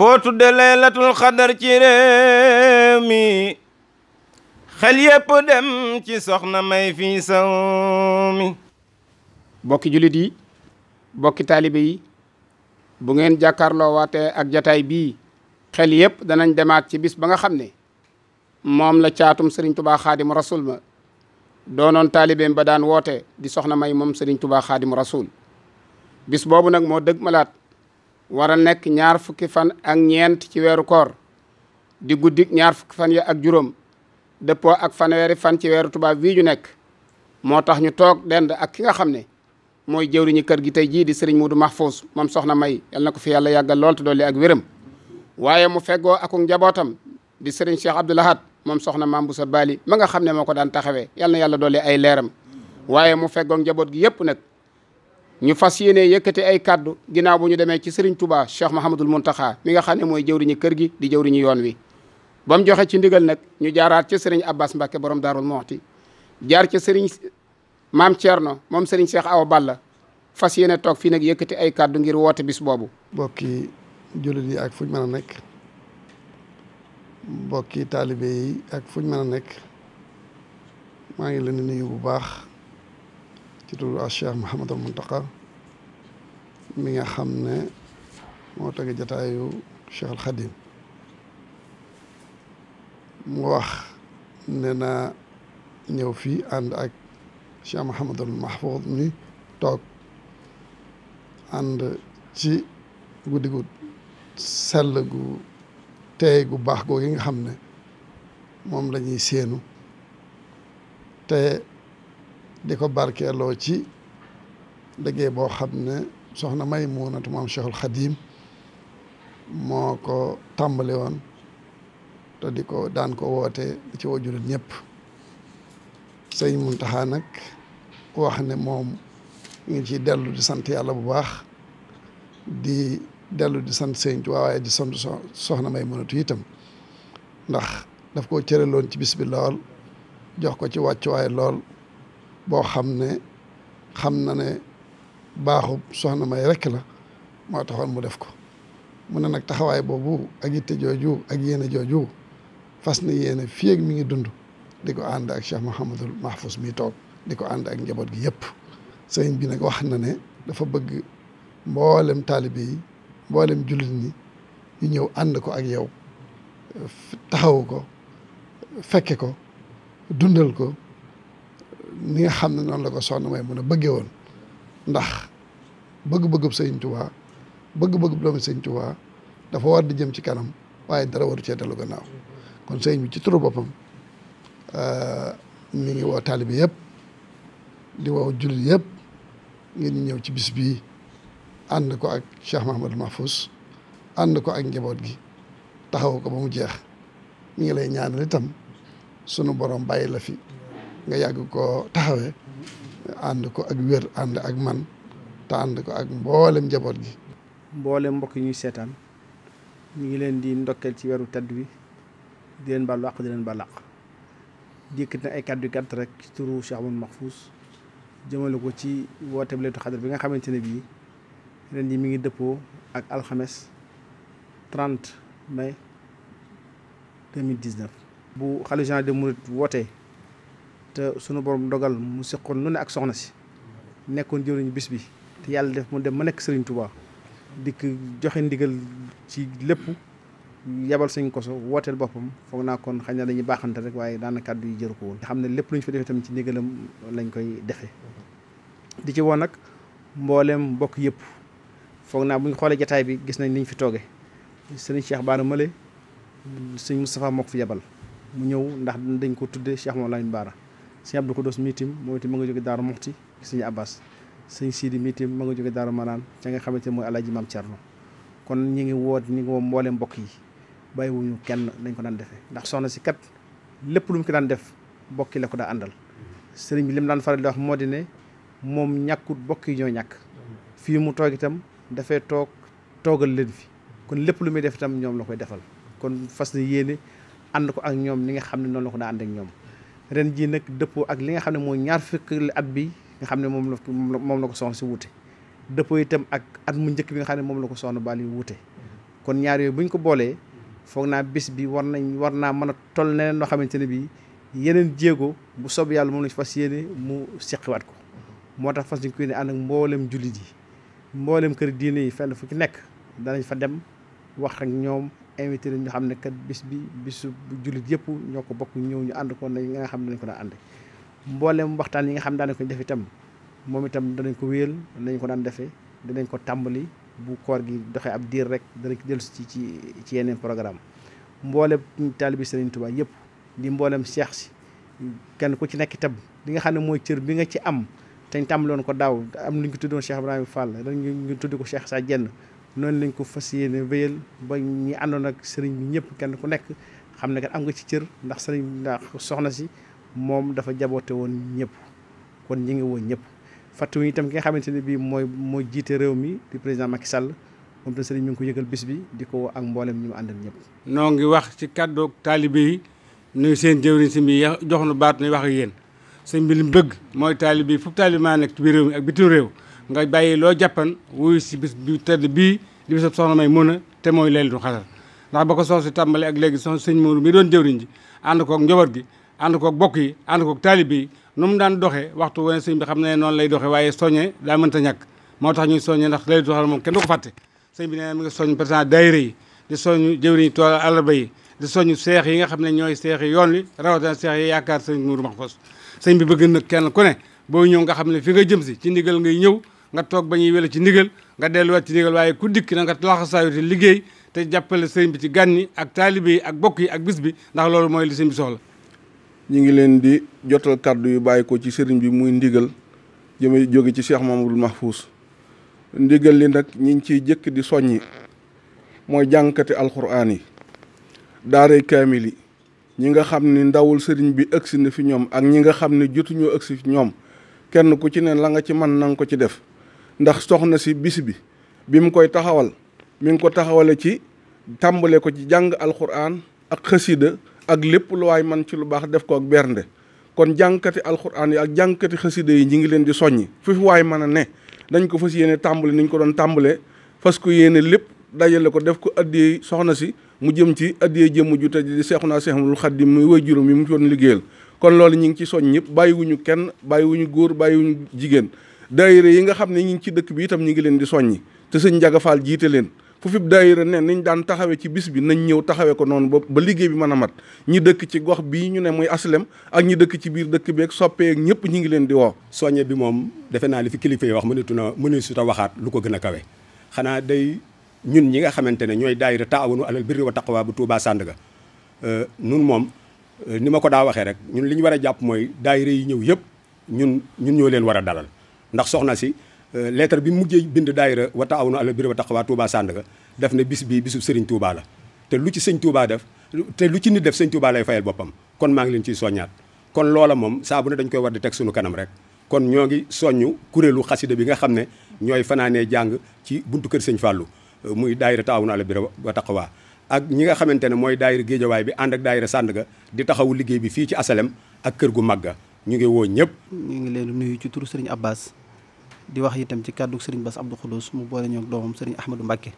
foo tudde laylatul xadar ci réew mi xel yépp dem ci soxna may fii saw mi bokki jullit yi bokki taalibe yi bu ngeen jàkkaarloo waatee ak jataay bii xel yépp danañ demaat ci bis ba nga xam ne moom la caatum Serigne Touba Xaadim Rasul ma doonoon taalibeem ba daan woote di soxna may moom Serigne Touba Xaadim Rasul bis boobu nag moo dëgg malaat war a nekk ñaar fukki fan ak ñeent ci weeru koor di guddik ñaar fukki fan ya ak juróom dëppoo ak fan fanweeri fan ci weeru tubaab wii ñu nekk moo tax ñu toog dend ak ki nga xam ne mooy jëwriñu kër gi tey jii di sëriñ max Mahfous moom soxna May yal na ko fi yàlla yàggal lool te dolli ak wéram waaye mu feggoo ak njabootam di sëriñ Cheikh Abdou Lahad moom soxna Maam Boussa ma nga xam ne moo ko daan taxawee yal yàlla dolli ay leeram waaye mu feggoo njaboot gi yëpp nag ñu fas yéene yëkkati ay kàddu ginnaaw bu ñu demee ci Serigne Touba Cheikh Mahamadul Muntaxa mi nga xam ne mooy jëwriñu kër gi di jëwriñu yoon wi ba mu joxe ci ndigal nag ñu jaaraat ci Serigne Abbas Mbacke borom Daarul Moxti jaar ci sëriñ Maam Thierno moom Serigne Cheikh Awa Balla fas yéene toog fii nag yëkkati ay kàddu ngir woote bis boobu bokki jullit yi ak fuñ mën a nekk mbokki taalibe yi ak fuñ mën a nekk maa ngi leen di nuyu bu baax ci turu ak Cheikh Mouhamadul Mountakha mi nga xam ne moo tege jataayu Cheikh Al mu wax ne na ñëw fii ànd ak Cheikh Mouhamadul Mahfouz mi toog ànd ci guddi gu sell gu teey gu baax googu yi nga xam ne moom la ñuy séenu te di ko barkeeloo ci liggéey boo xam ne soxna may muunatu maam Cheikhul Xadim moo ko tàmbali woon te di ko daan ko woote di ci wajulit ñëpp sëñ Muntaxa nag wax ne moom ngi ci dellu di sant yàlla bu baax di dellu di sant sëñ Tuubaa di sant soxna may muunatu itam ndax daf ko cëraloon ci bis bi lool jox ko ci wàccuwaay lool boo xam ne xam na ne baaxub soxna may rekk la moo taxoon mu def ko mu ne nag taxawaay boobu ak yitte jooju ak yéene jooju fas na yéene fii mu ngi dund di ko ànd ak Cheikh Mouhamadul Mahfous mi toog di ko ànd ak njaboot gi yëpp sëriñ bi nag wax na ne dafa bëgg mboolem taalibe yi mboolem jullit ni ñu ñëw ànd ko ak yow taxawu ko fekke ko dundal ko ni nga xam ne noonu la ko soxna may mun a bëggee woon ndax bëgg bëgg sëñ Tuubaa bëgg-bëggub doomu sëñ Tuubaa dafa war di jëm ci kanam waaye dara waru cee dellu gannaaw kon sëy bi ci turu boppam euh, mi ngi woo taalibe yëpp di woo jullit yëpp ngeen ñëw ci bis bii ànd ko ak Cheikh Mahamadou Mahfous ànd ko ak njaboot gi taxawu ko ba mu jeex mi ngi lay ñaanal itam sunu borom bàyyi la fi nga yàgg ko taxawee ànd ko ak wér ànd ak man te ànd ko ak mboolem njaboot gi. mboolem mbokk yi ñuy seetaan mu ngi leen di ndokkeel ci weeru tedd wi di leen baal àq di leen baal àq dikkati na ay kàddu gàtt rek ci turu Cheikh Amadou Mahfous jëmale ko ci woote bi Laylatul Qadr bi nga xamante ne bii ren yi mi ngi dëppoo ak alxames 30 mai 2019. bu xalifa général des mourides wootee. te sunu borom dogal mu seqoon lu ne ak soxna si nekkoon jëriñu bis bi te yàlla def mu dem ma nekk Serigne Touba dikk joxe ndigal ci lépp yabal Serigne Kosso wooteel boppam foog naa koon xañ na dañuy baaxante rek waaye daanaka kàddu yi jëru ko woon. xam ne lépp lu ñu fa defee tamit ci ndigalam lañ koy defe di ci woon nag mbooleem bokk yëpp foog naa bu ñu xoolee jataay bi gis nañ niñ fi tooge Serigne Cheikh Bara Male Serigne Moustapha moo fi yabal mu ñëw ndax dañ ko tuddee Cheikh Mawlana sëñ Abdou Kodos mii tim moom itam ma nga jóge Daaru Muxti ci sëñ Abbas sëñ Sidi mii tim ma nga jóge Daaru Manaan ca nga xamante ne mooy Alaaji Maam Cerno kon ñi ngi woot ñi ngi woo mboole mbokk yi bàyyi kenn dañ ko daan defee ndax soxna si kat lépp lu mu ko daan def bokki la ko daa àndal sëriñ bi li mu daan faral di wax moo di ne moom ñàkkut bokk yi ñoo ñàkk fii mu toog itam dafay toog toogal leen fi kon lépp lu muy def itam ñoom la koy defal kon fas na yéene ànd ak ñoom li nga xam ne noonu la ko daa ànd ñoom ren jii nag dëppoo ak li nga xam ne mooy ñaar fukki at bi nga xam ne moom la moom la ko soxna si wuute dëppoo itam ak at mu njëkk bi nga xam ne moom la ko soxna Bali wute kon ñaar yooyu buñ ko boolee foog naa bis bi war nañ war naa mën a toll neneen loo xamante ne bii yeneen jéego bu sob yàlla moom lañ fas yéene mu seqiwaat ko moo tax fas ñu ko yéene ànd ak mboolem jullit yi mbooleem kër diine yi fenn fu ci nekk danañ fa dem wax ak ñoom invité nañ ñu xam ne kat bis bi bisu jullit yëpp ñoo ko bokk ñëw ñu ànd ko na nga xam ne dañ ko daan ànd mboolem waxtaan yi nga xam daanañ ko def itam moom itam danañ ko wéyal nañ ko daan defee danañ ko tàmbali bu koor gi doxee ab diir rek danañ ko dellu ci ci ci yeneen programme mboolem taalibi Sëriñ Tuubaa yëpp di mboolem seex si kenn ku ci nekk itam li nga xam ne mooy cër bi nga ci am te ñu tàmbaloon ko daaw am lu ñu ko tuddoon Cheikh Ibrahima Fall dañ ñu tudd ko Cheikh Sa jenn noonu lañ ko fas yéene wéyal ba ñi àndoon ak sëriñ bi ñëpp kenn ku nekk xam ne kat am nga ci cër ndax sëriñ ndax soxna si moom dafa jaboote woon ñëpp kon ñi ngi woon ñëpp fàttewu itam ki nga xamante ne bii mooy mooy jiite réew mi di président Macky Sall moom tam sëriñ mi ngi ko yëgal bis bi di ko ak mboolem ñu mu àndal ñëpp. noo ngi wax ci kàddu taalibe yi nuyu seen jëwriñ si mi jox nu baat nuy wax ak yéen sëñ bi li mu bëgg mooy taalibe yi fu taalibe maa nekk ci biir mi ak bitim réew. nga bàyyi loo jàppan wuyu si bis bi tedd bii di bisab soxna may mun a te mooy leelu du xadar ndax ba ko soo si ak léegi so sëñ Moodu mi doon jëwriñ ji ànd koog njaboot gi ànd koog bokk yi ànd koog taalibe yi nu mu daan doxee waxtu wane sëñ bi xam ne noonu lay doxee waaye soññee daa mënta ñàkk moo tax ñuy soññee ndax leelu du xadar moom kenn du ko fàtte sëñ bi nee mi ngi soññ président daayira yi di soññ jëwriñ tool àllarba yi seex yi nga xam ne ñooy seex yoon wi rawatina seex yi yaakaar sëñ Moodu Maxfos sëñ bi bëgg nag kenn ku ne boo ñëw nga xam ne fi nga jëm si ci ndigal ngay ñëw nga toog ba ñuy wele ci ndigal nga delluwaat ci ndigal waaye ku dikk na nga laxasaayu te liggéey te jàppale sëriñ bi ci gànni ak taalibe yi ak bokk yi ak bis bi ndax loolu mooy li sëriñ bi soxla ñi ngi leen di jotal kàddu yu bàyyi ko ci sëriñ bi muy ndigal jëme jóge ci Cheikh Mamadou Mahfous ndigal li nag ñi ngi ciy jëkk di soññi mooy jànkati alxuraan yi daaray kaamil ñi nga xam ni ndawul sëriñ bi ëgsi na fi ñoom ak ñi nga xam ne jotuñoo ëgsi fi ñoom kenn ku ci ne la nga ci man nanga ko ci def ndax soxna si bisi bi bi mu koy taxawal mi ngi ko taxawale ci tàmbale ko ci jàng alxuraan ak xasida ak lépp lu waaye man ci lu baax def ko ak bernde kon jàngkati alxuraan yi ak jàngkati xasida yi ñu ngi leen di soññi fi waaye mën a ne dañ ko fas yéene tàmbale ni ñu ko doon tàmbalee fas ko yéene lépp dajale ko def ko addiyee soxna si mu jëm ci addiyee jëmm ju tëj di seexu naa xat di muy way juróom yi mu doon liggéeyal kon loolu ñu ngi ci soñ ñëpp bàyyiwuñu kenn bàyyiwuñu góor bàyyiwuñu jigéen daayira yi nga xam ne ñi ngi ci dëkk bi itam ñu ngi leen di soññi te sëñ Njaga Fall jiite leen fu fi daayira ne niñ daan taxawee ci bis bi nañ ñëw taxawee ko noonu ba ba liggéey bi mën a mat ñi dëkk ci gox bii ñu ne muy aslem ak ñi dëkk ci biir dëkk beeg soppeek ñëpp ñi ngi leen di woo soññe bi moom defe naa li fi kilifa yi wax mënatu na mënu su ta waxaat lu ko gën a kawe xanaa day ñun ñi nga xamante ne ñooy daayira taawunu alal biri wa taqwa bu Touba Sandaga euh, nun moom euh, ni ma ko daa waxee rek ñun li ñu war a jàpp mooy daayira yi ñëw yëpp ñun ñun ñoo leen war a dalal ndax soxna si euh, lettre bi mujjee bind daayira wa ta'awunu alal birri wa taqwa Touba Sandaga def na bis bii bisu Serigne Touba la te lu ci sëñ Touba def te lu ci def sëñ Touba lay fayal boppam kon maa ngi leen ciy soññaat kon loola moom saabu bu ne dañ koy war di teg sunu kanam rek kon ñoo ngi soññu kuréelu xasida bi nga xam ne ñooy fanaanee jàng ci buntu kër sëñ Fallou euh, muy daayira ta'awunu alal birri wa taqwa ak ñi nga xamante ne mooy daayira géejawaay bi ànd ak daayira Sandaga di taxawu liggéey bi fii ci asalem ak kër gu mag ñu ngi ñëpp. ñu ngi leen di nuyu ci turu di wax itam ci kàddu sëriñ Bass Abdou Khoudous mu boole ñoo ak doomam sëriñ Ahmadou Mbacke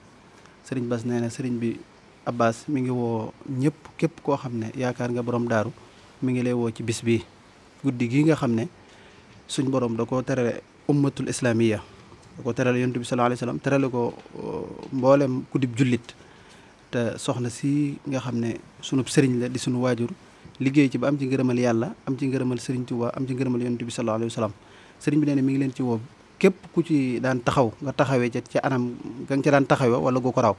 sëriñ Bass nee na sëriñ bi Abbas mi ngi woo ñëpp képp koo xam ne yaakaar nga borom daaru mi ngi lay woo ci bis bii guddi gi nga xam ne suñ borom da koo terale ummatul islamiya da ko terale yontu bi sallallahu alayhi wasallam terale ko uh, mboolem kuddib jullit te soxna si nga xam ne sunub sëriñ la di sunu waajur liggéey ci ba am ci ngërëmal yàlla am ci ngërëmal sëriñ Tuubaa am ci ngërëmal yontu bi sallallahu alayhi wasallam sëriñ bi nee na mi ngi leen ci woo képp ku ci daan taxaw nga taxawee ca ci anam nga ci daan taxawee wala gu ko raw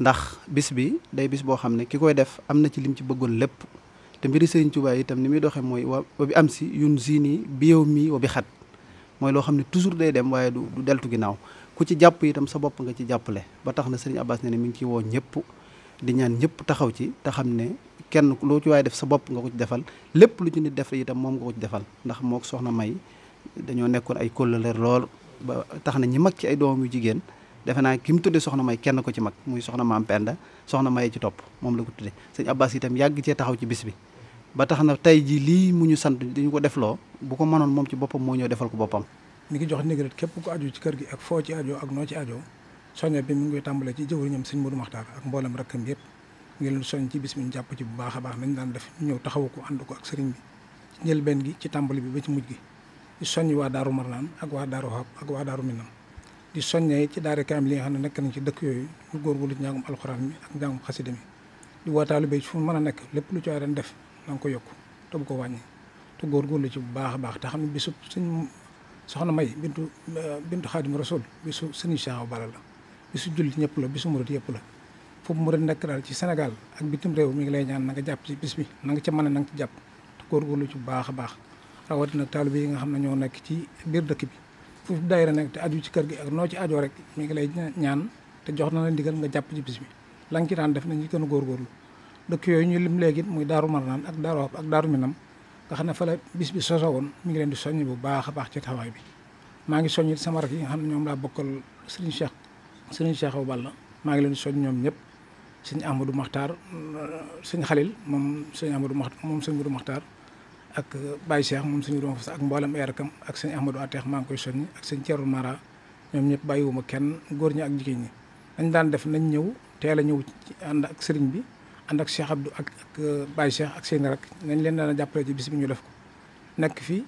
ndax bis bi day bis boo xam ne ki koy def am na ci lim ci bëggoon lépp te mbiri Sëriñ Tuubaa itam ni muy doxee mooy wa bi am si yun zini bi yow mi wa bi xat mooy loo xam ne toujours day dem waaye du du deltu ginnaaw ku ci jàpp itam sa bopp nga ci jàppale ba tax na Sëriñ Abbas ne ne mi ngi ciy woo ñëpp di ñaan ñëpp taxaw ci te xam ne kenn loo ci waaye def sa bopp nga ko ci defal lépp lu ci nit def itam moom nga ko ci defal ndax moo soxna May dañoo nekkoon ay kóllëleer lool ba tax na ñi mag ci ay doom yu jigéen defe naa ki mu tudde soxna may kenn ko ci mag muy soxna maam Penda soxna may ci topp moom la ko tudde sëñ Abbas tam yàgg cee taxaw ci bis bi ba tax na tey ji lii mu ñu sant dañu ko defloo bu ko mënoon moom ci boppam moo ñëw defal ko boppam mi ngi jox ndigal képp ku aju ci kër gi ak foo ci aju ak noo ci aju soññe bi mi ngi koy tàmbale ci jëwriñam sëñ Modou Maxtaar ak mboolam rakkam yëpp ngi leen soñ ci bis bi ñu jàpp ci bu baax a baax nañ daan def ñëw taxawu ko ànd ko ak sëriñ bi ci njëlbeen gi ci tàmbali bi ba ci gi di soññ waa daaru marnaan ak waa daaru xab ak waa daaru minam di soññee ci daara kaamil li nga xam ne nekk nañ ci dëkk yooyu ñu góorgóorlu ci njàngum alxuraan mi ak njàngum xasida mi di woo taalibe ci fu mu a nekk lépp lu ci war a def na nga ko yokk te bu ko wàññi te góorgóorlu ci bu baax a baax te xam ne bisu suñ soxna may bintu euh, bintu xaadim rasul bisu sëñ Cheikh bala la bisu jullit ñëpp la bisu murit yëpp la fu murit nekk daal ci senegal ak bitim réew mu ngi lay ñaan na nga jàpp ci bis bi na nga ca mën a na nga ci jàpp te góorgóorlu ci bu baax a baax rawatina taalibe yi nga xam ne ñoo nekk ci biir dëkk bi foofu daayira nekk te aju ci kër gi ak noo ci ajoo rek mi ngi lay ñaan te jox na la ndigal nga jàpp ci bis bi la daan def nañ ci gën a góorgóorlu dëkk yooyu ñu lim léegi muy daaru marnaan ak daaru ak daaru minam nga xam ne fa la bis bi soso woon mi ngi leen di soññ bu baax a baax ci taxawaay bi maa ngi soññ sama rak yi nga xam ne ñoom laa bokkal sëriñ Cheikh sëriñ Cheikh Awa Balla maa ngi leen di ñoom ñëpp sëñ Amadou Makhtar sëñ Xalil moom sëñ Amadou Makhtar moom sëñ Amadou Makhtar ak Baye Cheikh moom suñu doom fas ak mboolem ay rakam ak sëñ Ahmadou Ateex maa koy soññi ak sëñ Thierno Mara ñoom ñëpp bàyyiwuma kenn góor ñi ak jigéen ñi. dañ daan def nañ ñëw teel a ñëw ci ànd ak sëriñ bi ànd ak Cheikh Abdou ak ak euh, Baye Cheikh ak seen rak nañ leen daan jàppale ci bis bi ñu def ko nekk fii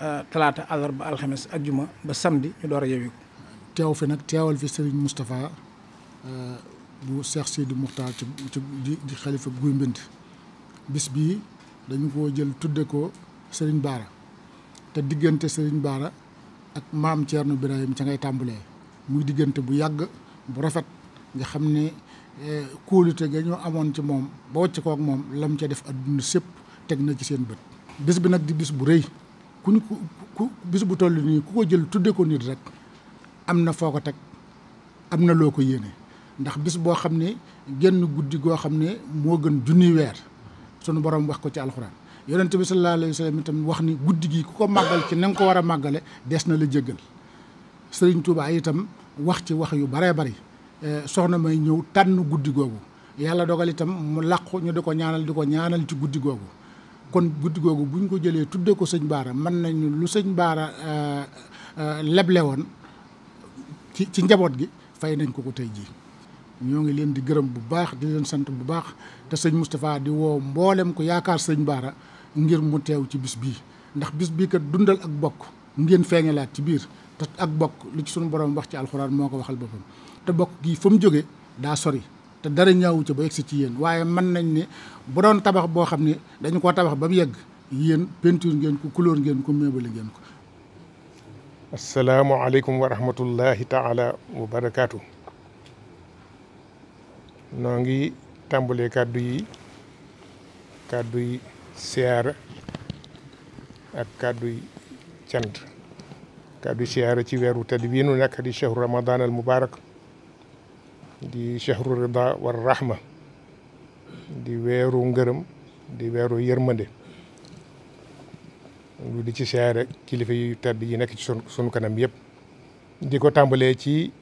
euh, talaata àllarba alxames ajjuma ba samedi ñu door a yewi ko. teew fi nag teewal fi sëriñ Moustapha euh, bu Cheikh Sidi Moukhtar ci ci xalifa Guy Mbind bis bii. dañu koo jël tudde ko sëriñ Bara te diggante Serigne Bara ak maam Thierno yam ca ngay tàmbalee muy diggante bu yàgg bu rafet nga xam ne eh, kóolute ga ñoo amoon ci moom ba wàcc kook moom lam ca def adduna sépp teg na ci seen bët bis bi nag di bis bu rëy ku ñu ku bis bu toll nii ku ko jël tudde ko nit rek am na foo ko teg am na loo ko yéene ndax bis boo xam ne genn guddi goo xam ne moo gën junni weer sunu borom wax ko ci alxuraan yonent bi sallallahu alayhi wa itam wax ni guddi gi ku ko màggal ci na ko war a màggale des na la jéggal sëriñ Tuubaa itam wax ci wax yu baree bari eh, soxna may ñëw tànn guddi googu yàlla dogal itam mu làqu ñu di ko ñaanal di ko ñaanal ci guddi googu kon guddi googu bu ñu ko jëlee tuddee ko sëñ Baara mën nañu lu sëñ Baara eh, eh, leble woon ci ci njaboot gi fay nañ ko ko tey jii. ñoo ngi leen di gërëm bu baax di leen sant bu baax te sëñ Moustapha di woo mboolem ko yaakaar sëñ Baara ngir mu teew ci bis bii ndax bis bii kat dundal ak bokk ngeen feeñalaat ci biir te ak bokk li ci sunu borom wax ci alxuraan moo ko waxal boppam te bokk gii fa mu jóge daa sori te dara ñaawu ca ba egsi ci yéen waaye man nañ ne bu doon tabax boo xam ne dañu ko tabax ba mu yegg yéen peinture ngeen ko couleur ngeen ko meubale ngeen ko. asalaamualeykum wa rahmatullahi taala wa barakaatu. noo ngi tàmbalee kàddu yi kàddu yi ak kàddu yi cant kàddu yi siyaara ci weeru tedd bii nu nekk di chahru ramadan al mubarak di chahru rida war rahma di weeru ngërëm di weeru yërmande lu di ci siyaara kilifa yu tedd yi nekk ci sunu kanam yëpp di ko tàmbalee ci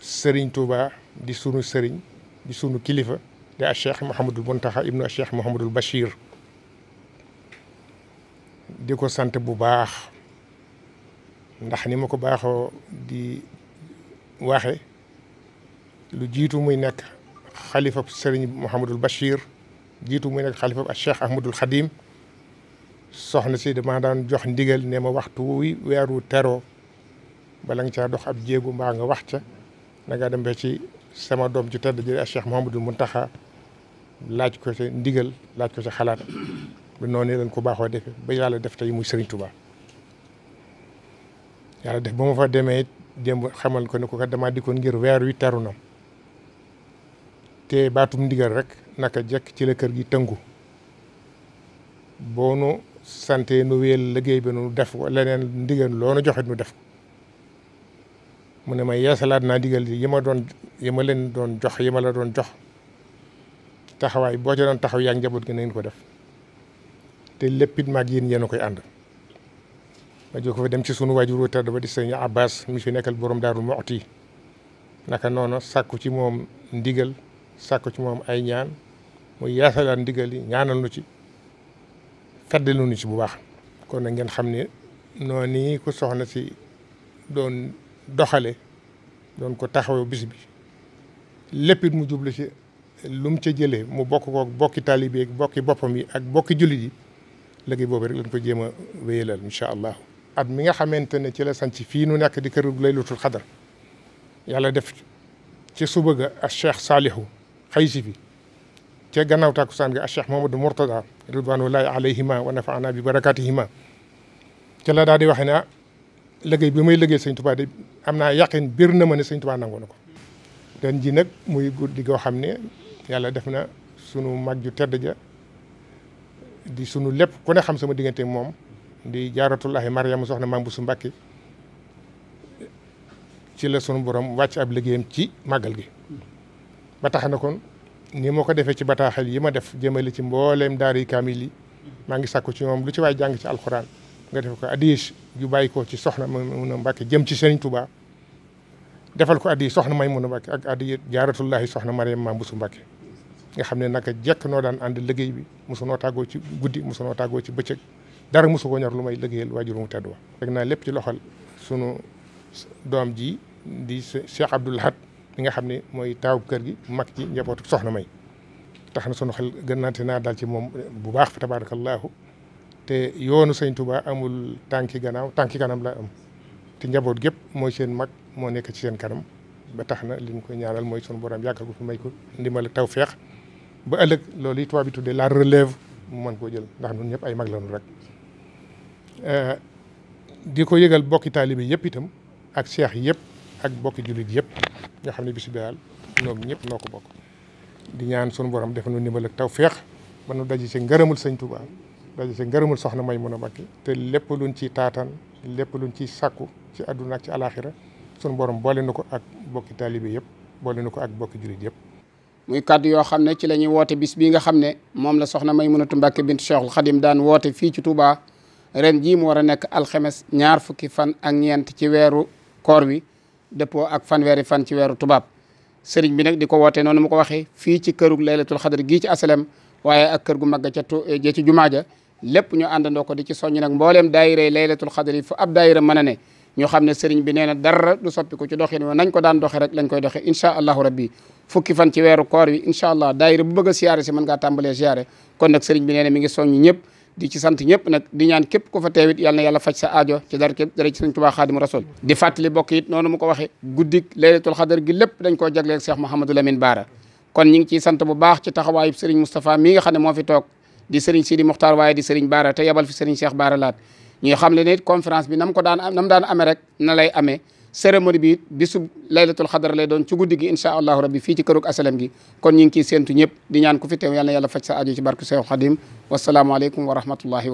sëriñ Touba di sunu sëriñ di sunu kilifa di a cheikh Mouhamadul Muntaxa ibnu a cheikh Mouhamadul Bachir di ko sant bu baax ndax ni ma ko baaxoo di waxe lu jiitu muy nekk xalifa sëriñ Mouhamadul bashir jiitu muy nekk xalifa a cheikh Ahmadul Xadim soxna si dama daan jox ndigal ne waxtu weeru tero bala nga caa dox ab jéegu mbaa nga wax ca na nga sama doom ju tedd ji ak Cheikh Mouhamadul taxa laaj ko ci ndigal laaj ko ci xalaat bu noonu lañ ko baaxoo defee ba yàlla def tey mu Serigne Touba yàlla def ba ma fa demee it démb xamal ko ne ko kat damaa dikkoon ngir weer wi teru na te baatum ndigal rek naka jekk ci la kër gi tëngu boo nu sante nu wéyal liggéey bi nu def ko leneen ndigal loo nu joxit nu def ko mu ne ma yeesalaat naa ndigal yi ma doon yi ma leen doon jox yi la doon jox taxawaay boo ca doon taxaw yaa njaboot gi na ngeen ko def te léppit maag yéen yéen a koy ànd ma jóg ko fa dem ci sunu waajur wu tedd ba di sëñ Abbas mi fi nekkal borom Daaru Muxti naka noonu sàkku ci moom ndigal sàkku ci moom ay ñaan mu yaasalaan ndigal yi ñaanal nu ci feddalu nu ci bu baax kon na ngeen xam ne noonu ku soxna si doon doxale doon ko taxawee bis bi lépp it mu jublu ci lu mu ca jëlee mu bokk ko bokki taalibe yi bokki boppam yi ak bokki jullit yi léegi boobu rek lañ ko jéem a wéyalal incha allah. at mi nga xamante ne ci la sanc fii nu nekk di kër laylatul xadar yàlla def ci suba ga ak cheikh saalihu xaysi bi ca gannaaw tàkkusaan ga ak cheikh mamadou mourtada ridwanullahi alayhima wa nafaana bi barakatihima ca la daal di waxe ne ah liggéey bi may liggéey sëñ tubaa de naa yaqin biir na ma ne sëñ tubaa nangu na ko ren ji nag muy guddi goo xam ne yàlla def na sunu mag ju tedd ja di sunu lépp ku ne xam sama diggante moom di jaaratullahi Mariama soxna Maam su Mbàkke ci la sunu borom wàcc ab liggéeyam ci màggal gi ba tax na kon ni ma ko defee ci bataaxal yi ma def jëmale ci mbooleem daari kaamil yi maa ngi sàkku ci moom lu ci waay jàng ci alxuraan nga def ko addiya ju bàyyi ko ci soxna Maam Mbàkke jëm ci Sëriñ Tuubaa defal ko addi soxna Maymuna Mbàkke ak addi jaaratullahi soxna Mariam Maam Busu Mbàkke nga xam ne nag jekk noo daan ànd liggéey bi mosunoo tàggoo ci guddi mosunoo tàggoo ci bëccëg dara mosu ko ñor lu may liggéeyal waajur mu tedd wa teg naa lépp ci loxol sunu doom ji di Cheikh Abdoul Ahad li nga xam ne mooy taawu kër gi mag ci njabootu soxna May tax na sunu xel gënnaante naa daal ci moom bu baax fa tabaarakallaahu te yoonu sëñ Tuubaa amul tànki gannaaw tànki kanam la am te njaboot gépp mooy seen mag moo nekk ci seen kanam ba tax na li ñu koy ñaanal mooy sunu borom yàggal ko fi may ko ndimbal taw feex ba ëllëg loolu yi tubaab bi tuddee la relève mën koo jël ndax ñun ñëpp ay mag lañu rek eh, di ko yëgal bokki taalibe yëpp itam ak seex yëpp ak bokki jullit yëpp nga xam ne bisu daal ñëpp noo ko bokk di ñaan sunu borom def nu ndimbal taw feex ba nu daje ci ngërëmul sëñ Tuubaa daje ci ngërëmul soxna may mun a Mbàkke te lépp luñ ciy taataan lépp luñ ciy sàkku ci àdduna ak ci alaaxira sunu borom boole na ko ak bokki taalibe yëpp boole na ko ak bokki jurit yëpp. muy kàddu yoo xam ne ci la ñuy woote bis bii nga xam ne moom la soxna Maymunatu Mbàkke bintu Cheikhul Xadim daan woote fii ci Touba ren jii mu war a nekk alxemes ñaar fukki fan ak ñeent ci weeru koor wi dëppoo ak fanweeri fan ci weeru tubaab seriñ bi nag di ko wootee noonu mu ko waxee fii ci kërug laylatul xadar gii ci asalem waaye ak kër gu mag ca tu ja jumaa ja lépp ñu àndandoo ko di ci soññ nag mbooleem daayira laylatul xadri fu ab daayira mën a ne ñu xam ne sëriñ bi nee na dara du soppi ko ci doxin wa nañ ko daan doxe rek lañ koy doxe incha allahu rabbi fukki fan ci weeru koor wi incha allah a siyaare si mën ngaa kon nag ngi soññ ñëpp ci sant ñëpp nag di ñaan képp ku fa teewit yal na yàlla sa aajo ci dara képp dara ci sëriñ Tuubaa Xaadimu Rasuul di lépp dañ koo jagleeg Cheikh Mouhamadou Lamine Baara kon ñu sant bu baax ci taxawaayub sëriñ Moustapha mi nga xam ne moo fi toog di sëriñ Sidi Muxtaar waaye di sëriñ Baara te yebal fi sëriñ Cheikh Baara Laat ñuy xam le ne conférence bi nam ko daan nam daan amee rek na lay amee cérémonie bi bisub laylatul xadar lay doon ci guddi gi allahu rabbi fii ci kërug asalam gi kon ñu ngi ciy séentu ñëpp di ñaan ku fi teew yal na yàlla faj sa aju ci barke Seex Xadim wasalaamualeykum wa rahmatullahi